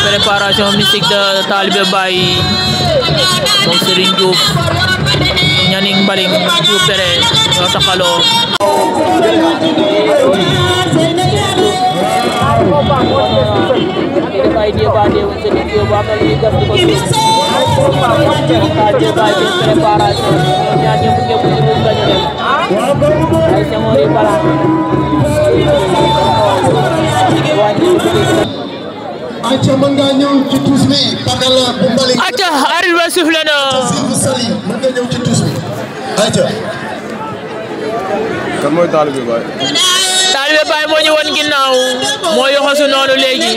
Preparation mystique de Talibé bay moom Serigne Diouf ñaning mbaling tere acca mën ngaa ñëw ci tuus bi parel bu mbali acca aril ba sifle na Sylvie Sali mën nga ñëw ci tuus bi acca kan mooy taalibe baay taalibe baay moo ñu won ginnaaw moo yoxosu noonu léegi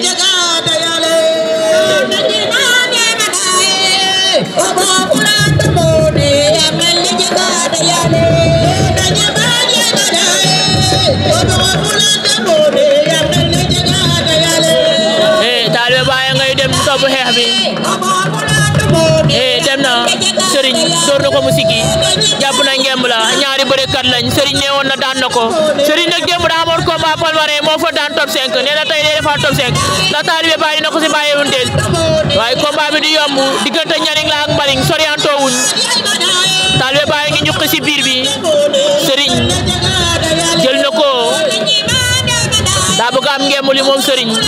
door ko musiki japp na ngem la ñaari beure kat lañ Serigne ne woon na daan na ko Serigne nag démb daa amoon combat palmarin moo fa dan top 5 nee na tey day defaat top 5 ndax talibé bàyyi na ko baye bàyyiwul del waaye combat bi du yomb digënta ñaring la ak mbaling soriantoo wuñ talibé bàyyi ngi ñuqi si bir bi Serigne jël nako da daa bëgg am ngemb li mom Serigne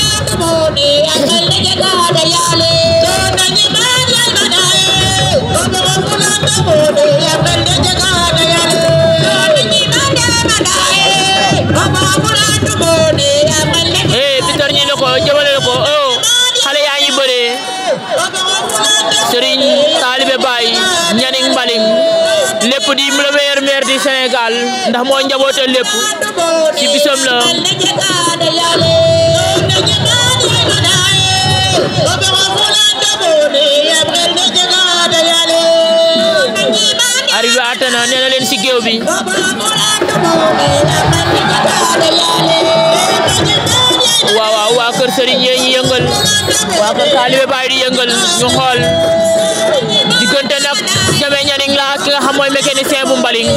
di premier maire du Sénégal ndax moo njaboote lépp ci bisam la arrivé atana nee na leen ci géew bi waaw waaw waa kër Serigne yee ñu yëngal waa kër Taalibe Baay di yëngal ñu xool ki nga xam mooy mécanicien bu mbaling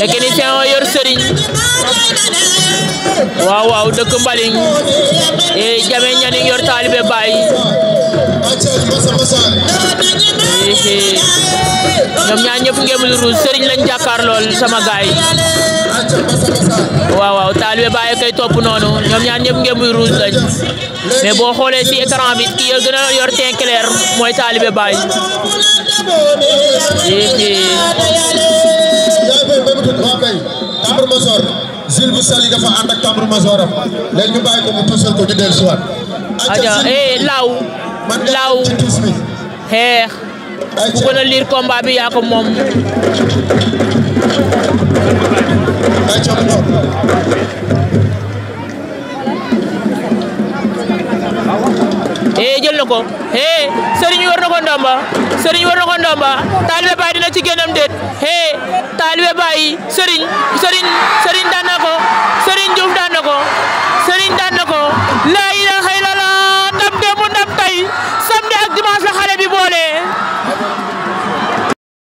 mécanicien o yor sëriñ waaw waaw dëkk mbaling e jame ñaning yor taalibe baay ñoom ñaar ñëpp ngeemul ruus sëriñ lañ jàkkaar lool sama gaay waaw waaw taalibe baay kay topp noonu ñoom ñaar ñëpp ngeemul ruus lañ mais boo xoolee ci écran bi ki yor gën a yor teint clair mooy taalibe baay Sidi. waaw kay tambour major law eh, law xeex ku gën a liir combat bi yaa ko moom. na ko eh sëriñ war na ko ndomba sëriñ war na ko ndomba taalibe baay dina ci génnam déet taalibe baay sëriñ sëriñ